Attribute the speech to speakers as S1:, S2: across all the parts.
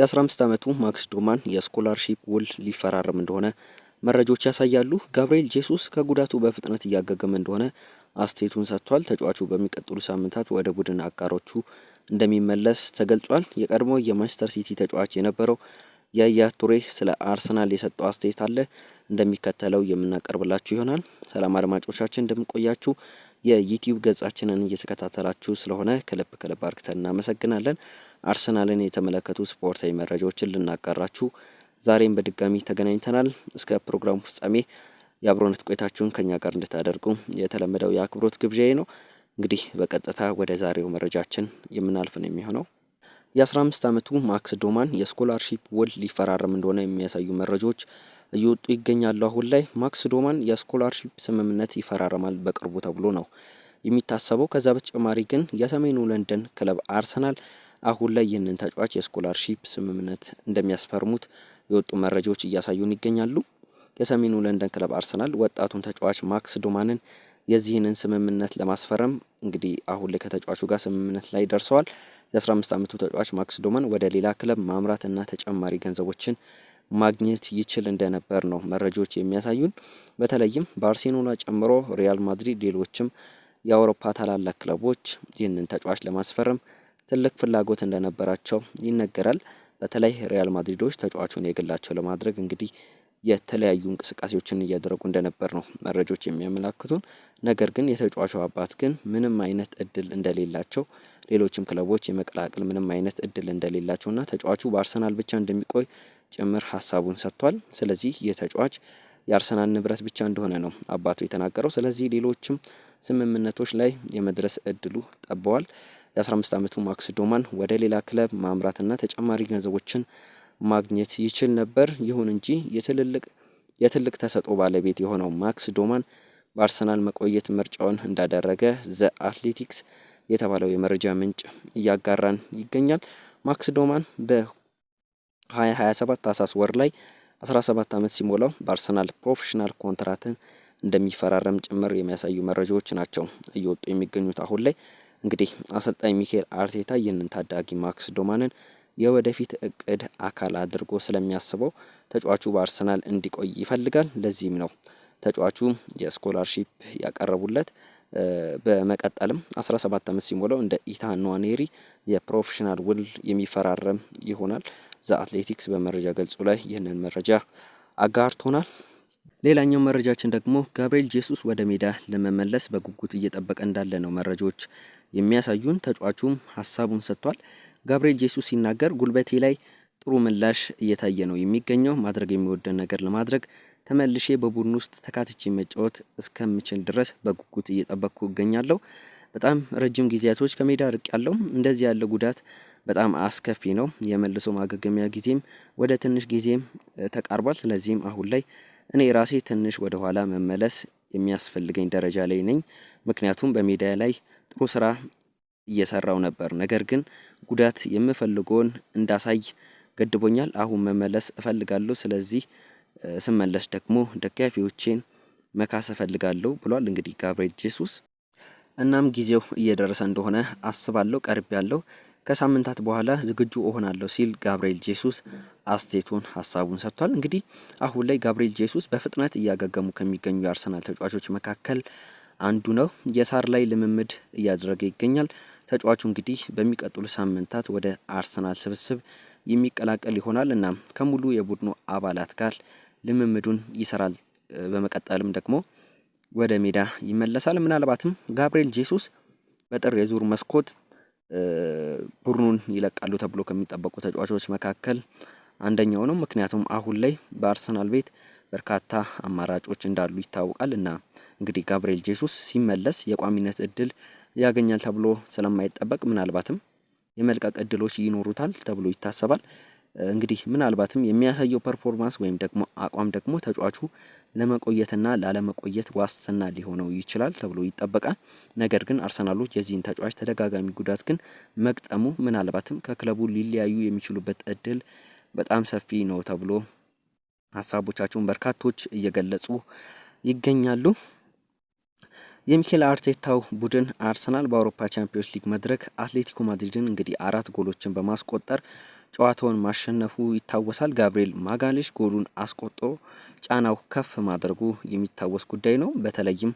S1: የ15 ዓመቱ ማክስ ዶማን የስኮላርሺፕ ውል ሊፈራረም እንደሆነ መረጃዎች ያሳያሉ። ጋብርኤል ጄሱስ ከጉዳቱ በፍጥነት እያገገመ እንደሆነ አስተያየቱን ሰጥቷል። ተጫዋቹ በሚቀጥሉ ሳምንታት ወደ ቡድን አጋሮቹ እንደሚመለስ ተገልጿል። የቀድሞ የማንቸስተር ሲቲ ተጫዋች የነበረው ያያ ቱሬ ስለ አርሰናል የሰጠው አስተያየት አለ እንደሚከተለው የምናቀርብላችሁ ይሆናል። ሰላም አድማጮቻችን እንደምንቆያችሁ የዩቲዩብ ገጻችንን እየተከታተላችሁ ስለሆነ ከልብ ከልብ አርክተን እናመሰግናለን። አርሰናልን የተመለከቱ ስፖርታዊ መረጃዎችን ልናጋራችሁ ዛሬም በድጋሚ ተገናኝተናል። እስከ ፕሮግራሙ ፍጻሜ የአብሮነት ቆይታችሁን ከኛ ጋር እንድታደርጉ የተለመደው የአክብሮት ግብዣዬ ነው። እንግዲህ በቀጥታ ወደ ዛሬው መረጃችን የምናልፍ ነው የሚሆነው የ15 ዓመቱ ማክስ ዶማን የስኮላርሺፕ ውል ሊፈራረም እንደሆነ የሚያሳዩ መረጃዎች እየወጡ ይገኛሉ። አሁን ላይ ማክስ ዶማን የስኮላርሺፕ ስምምነት ይፈራረማል በቅርቡ ተብሎ ነው የሚታሰበው። ከዛ በተጨማሪ ግን የሰሜኑ ለንደን ክለብ አርሰናል አሁን ላይ ይህንን ተጫዋች የስኮላርሺፕ ስምምነት እንደሚያስፈርሙት የወጡ መረጃዎች እያሳዩን ይገኛሉ። የሰሜኑ ለንደን ክለብ አርሰናል ወጣቱን ተጫዋች ማክስ ዶማንን የዚህንን ስምምነት ለማስፈረም እንግዲህ አሁን ላይ ከተጫዋቹ ጋር ስምምነት ላይ ደርሰዋል። የ15 ዓመቱ ተጫዋች ማክስ ዶማን ወደ ሌላ ክለብ ማምራትና ተጨማሪ ገንዘቦችን ማግኘት ይችል እንደነበር ነው መረጃዎች የሚያሳዩን። በተለይም ባርሴሎና ጨምሮ ሪያል ማድሪድ፣ ሌሎችም የአውሮፓ ታላላቅ ክለቦች ይህንን ተጫዋች ለማስፈረም ትልቅ ፍላጎት እንደነበራቸው ይነገራል። በተለይ ሪያል ማድሪዶች ተጫዋቹን የግላቸው ለማድረግ እንግዲህ የተለያዩ እንቅስቃሴዎችን እያደረጉ እንደነበር ነው መረጃዎች የሚያመላክቱን። ነገር ግን የተጫዋቹ አባት ግን ምንም አይነት እድል እንደሌላቸው ሌሎችም ክለቦች የመቀላቀል ምንም አይነት እድል እንደሌላቸው እና ተጫዋቹ በአርሰናል ብቻ እንደሚቆይ ጭምር ሀሳቡን ሰጥቷል። ስለዚህ የተጫዋች ተጫዋች የአርሰናል ንብረት ብቻ እንደሆነ ነው አባቱ የተናገረው። ስለዚህ ሌሎችም ስምምነቶች ላይ የመድረስ እድሉ ጠበዋል። የ የ15 አመቱ ማክስ ዶማን ወደ ሌላ ክለብ ማምራትና ተጨማሪ ገንዘቦችን ማግኘት ይችል ነበር። ይሁን እንጂ የትልልቅ የትልቅ ተሰጥኦ ባለቤት የሆነው ማክስ ዶማን በአርሰናል መቆየት ምርጫውን እንዳደረገ ዘ አትሌቲክስ የተባለው የመረጃ ምንጭ እያጋራን ይገኛል። ማክስ ዶማን በ2027 ታህሳስ ወር ላይ 17 ዓመት ሲሞላው በአርሰናል ፕሮፌሽናል ኮንትራትን እንደሚፈራረም ጭምር የሚያሳዩ መረጃዎች ናቸው እየወጡ የሚገኙት። አሁን ላይ እንግዲህ አሰልጣኝ ሚካኤል አርቴታ ይህንን ታዳጊ ማክስ ዶማንን የወደፊት እቅድ አካል አድርጎ ስለሚያስበው ተጫዋቹ በአርሰናል እንዲቆይ ይፈልጋል። ለዚህም ነው ተጫዋቹ የስኮላርሺፕ ያቀረቡለት። በመቀጠልም 17 ዓመት ሲሞላው እንደ ኢታን ኗኔሪ የፕሮፌሽናል ውል የሚፈራረም ይሆናል። ዘ አትሌቲክስ በመረጃ ገልጹ ላይ ይህንን መረጃ አጋርቶናል። ሌላኛው መረጃችን ደግሞ ጋብርኤል ጄሱስ ወደ ሜዳ ለመመለስ በጉጉት እየጠበቀ እንዳለ ነው መረጃዎች የሚያሳዩን። ተጫዋቹም ሀሳቡን ሰጥቷል። ጋብርኤል ጄሱስ ሲናገር ጉልበቴ ላይ ጥሩ ምላሽ እየታየ ነው የሚገኘው። ማድረግ የሚወደን ነገር ለማድረግ ተመልሼ በቡድን ውስጥ ተካትቼ መጫወት እስከምችል ድረስ በጉጉት እየጠበቅኩ እገኛለሁ። በጣም ረጅም ጊዜያቶች ከሜዳ ርቅ ያለው እንደዚህ ያለ ጉዳት በጣም አስከፊ ነው። የመልሶ ማገገሚያ ጊዜም ወደ ትንሽ ጊዜም ተቃርቧል። ስለዚህም አሁን ላይ እኔ ራሴ ትንሽ ወደ ኋላ መመለስ የሚያስፈልገኝ ደረጃ ላይ ነኝ። ምክንያቱም በሜዳ ላይ ጥሩ ስራ እየሰራው ነበር፣ ነገር ግን ጉዳት የምፈልገውን እንዳሳይ ገድቦኛል። አሁን መመለስ እፈልጋለሁ። ስለዚህ ስመለስ ደግሞ ደጋፊዎቼን መካስ እፈልጋለሁ ብሏል እንግዲህ ጋብሬል ጄሱስ። እናም ጊዜው እየደረሰ እንደሆነ አስባለሁ። ያለው ከሳምንታት በኋላ ዝግጁ እሆናለሁ ሲል ጋብርኤል ጄሱስ አስቴቱን ሀሳቡን ሰጥቷል። እንግዲህ አሁን ላይ ጋብርኤል ጄሱስ በፍጥነት እያገገሙ ከሚገኙ የአርሰናል ተጫዋቾች መካከል አንዱ ነው። የሳር ላይ ልምምድ እያደረገ ይገኛል። ተጫዋቹ እንግዲህ በሚቀጥሉ ሳምንታት ወደ አርሰናል ስብስብ የሚቀላቀል ይሆናል እና ከሙሉ የቡድኑ አባላት ጋር ልምምዱን ይሰራል። በመቀጠልም ደግሞ ወደ ሜዳ ይመለሳል። ምናልባትም ጋብርኤል ጄሱስ በጥር የዙር መስኮት ቡድኑን ይለቃሉ ተብሎ ከሚጠበቁ ተጫዋቾች መካከል አንደኛው ነው። ምክንያቱም አሁን ላይ በአርሰናል ቤት በርካታ አማራጮች እንዳሉ ይታወቃል እና እንግዲህ ጋብርኤል ጄሱስ ሲመለስ የቋሚነት እድል ያገኛል ተብሎ ስለማይጠበቅ ምናልባትም የመልቀቅ እድሎች ይኖሩታል ተብሎ ይታሰባል። እንግዲህ ምናልባትም የሚያሳየው ፐርፎርማንስ ወይም ደግሞ አቋም ደግሞ ተጫዋቹ ለመቆየትና ላለመቆየት ዋስትና ሊሆነው ይችላል ተብሎ ይጠበቃል። ነገር ግን አርሰናሎች የዚህን ተጫዋች ተደጋጋሚ ጉዳት ግን መግጠሙ ምናልባትም ከክለቡ ሊለያዩ የሚችሉበት እድል በጣም ሰፊ ነው ተብሎ ሀሳቦቻቸውን በርካቶች እየገለጹ ይገኛሉ። የሚኬል አርቴታው ቡድን አርሰናል በአውሮፓ ቻምፒዮንስ ሊግ መድረክ አትሌቲኮ ማድሪድን እንግዲህ አራት ጎሎችን በማስቆጠር ጨዋታውን ማሸነፉ ይታወሳል። ጋብርኤል ማጋሌሽ ጎሉን አስቆጥሮ ጫናው ከፍ ማድረጉ የሚታወስ ጉዳይ ነው። በተለይም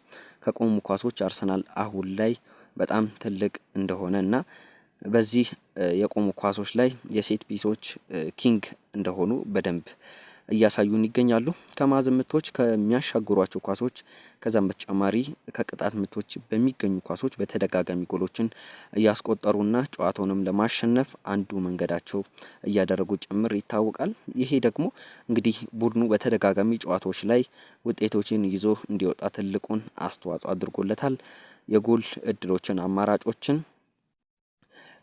S1: ከቆሙ ኳሶች አርሰናል አሁን ላይ በጣም ትልቅ እንደሆነ እና በዚህ የቆሙ ኳሶች ላይ የሴት ፒሶች ኪንግ እንደሆኑ በደንብ እያሳዩን ይገኛሉ። ከመሀል ምቶች ከሚያሻግሯቸው ኳሶች ከዛም በተጨማሪ ከቅጣት ምቶች በሚገኙ ኳሶች በተደጋጋሚ ጎሎችን እያስቆጠሩና ጨዋታውንም ለማሸነፍ አንዱ መንገዳቸው እያደረጉ ጭምር ይታወቃል። ይሄ ደግሞ እንግዲህ ቡድኑ በተደጋጋሚ ጨዋታዎች ላይ ውጤቶችን ይዞ እንዲወጣ ትልቁን አስተዋጽኦ አድርጎለታል። የጎል እድሎችን አማራጮችን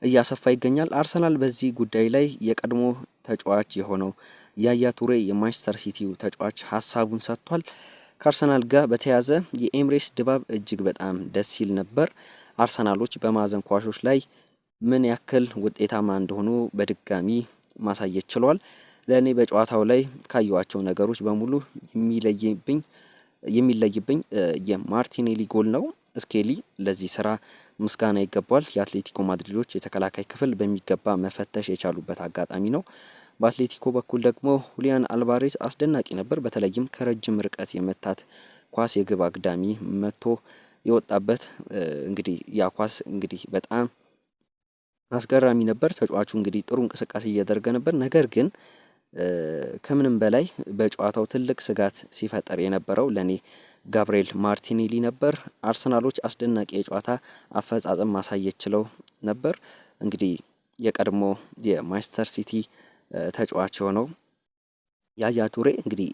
S1: እያሰፋ ይገኛል። አርሰናል በዚህ ጉዳይ ላይ የቀድሞ ተጫዋች የሆነው ያያ ቱሬ የማንቸስተር ሲቲው ተጫዋች ሀሳቡን ሰጥቷል። ከአርሰናል ጋር በተያያዘ የኤምሬስ ድባብ እጅግ በጣም ደስ ሲል ነበር። አርሰናሎች በማዕዘን ኳሾች ላይ ምን ያክል ውጤታማ እንደሆኑ በድጋሚ ማሳየት ችሏል። ለእኔ በጨዋታው ላይ ካየኋቸው ነገሮች በሙሉ የሚለይብኝ የሚለይብኝ የማርቲኔሊ ጎል ነው። ስኬሊ ለዚህ ስራ ምስጋና ይገባዋል። የአትሌቲኮ ማድሪዶች የተከላካይ ክፍል በሚገባ መፈተሽ የቻሉበት አጋጣሚ ነው። በአትሌቲኮ በኩል ደግሞ ሁሊያን አልቫሬስ አስደናቂ ነበር። በተለይም ከረጅም ርቀት የመታት ኳስ የግብ አግዳሚ መቶ የወጣበት እንግዲህ ያ ኳስ እንግዲህ በጣም አስገራሚ ነበር። ተጫዋቹ እንግዲህ ጥሩ እንቅስቃሴ እያደረገ ነበር ነገር ግን ከምንም በላይ በጨዋታው ትልቅ ስጋት ሲፈጠር የነበረው ለኔ ጋብርኤል ማርቲኔሊ ነበር። አርሰናሎች አስደናቂ የጨዋታ አፈጻጸም ማሳየት ችለው ነበር። እንግዲህ የቀድሞ የማንችስተር ሲቲ ተጫዋች የሆነው ያያ ቱሬ እንግዲህ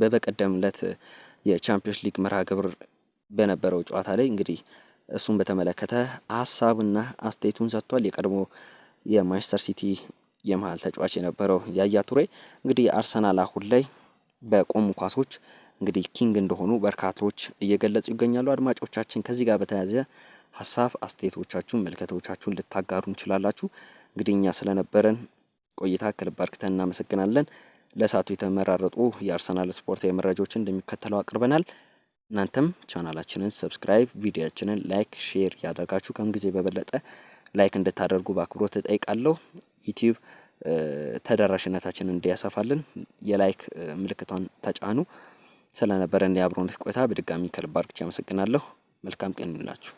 S1: በበቀደም ለት የቻምፒዮንስ ሊግ መርሃ ግብር በነበረው ጨዋታ ላይ እንግዲህ እሱን በተመለከተ ሀሳብና አስተያየቱን ሰጥቷል። የቀድሞ የማንችስተር ሲቲ የመሃል ተጫዋች የነበረው ያያ ቱሬ እንግዲህ አርሰናል አሁን ላይ በቆሙ ኳሶች እንግዲህ ኪንግ እንደሆኑ በርካቶች እየገለጹ ይገኛሉ። አድማጮቻችን ከዚህ ጋር በተያያዘ ሀሳብ አስተያየቶቻችሁን፣ መልከቶቻችሁን ልታጋሩ እንችላላችሁ። እንግዲህ እኛ ስለነበረን ቆይታ ከልብ አርክተን እናመሰግናለን። ለሳቱ የተመራረጡ የአርሰናል ስፖርታዊ መረጃዎችን እንደሚከተለው አቅርበናል። እናንተም ቻናላችንን ሰብስክራይብ፣ ቪዲዮችንን ላይክ፣ ሼር ያደርጋችሁ ከምጊዜ በበለጠ ላይክ እንድታደርጉ በአክብሮት እጠይቃለሁ። ዩቲዩብ ተደራሽነታችን እንዲያሰፋልን የላይክ ምልክቷን ተጫኑ። ስለነበረን የአብሮነት ቆይታ በድጋሚ ከልብ አድርጌ አመሰግናለሁ። መልካም ቀን ይሁንላችሁ።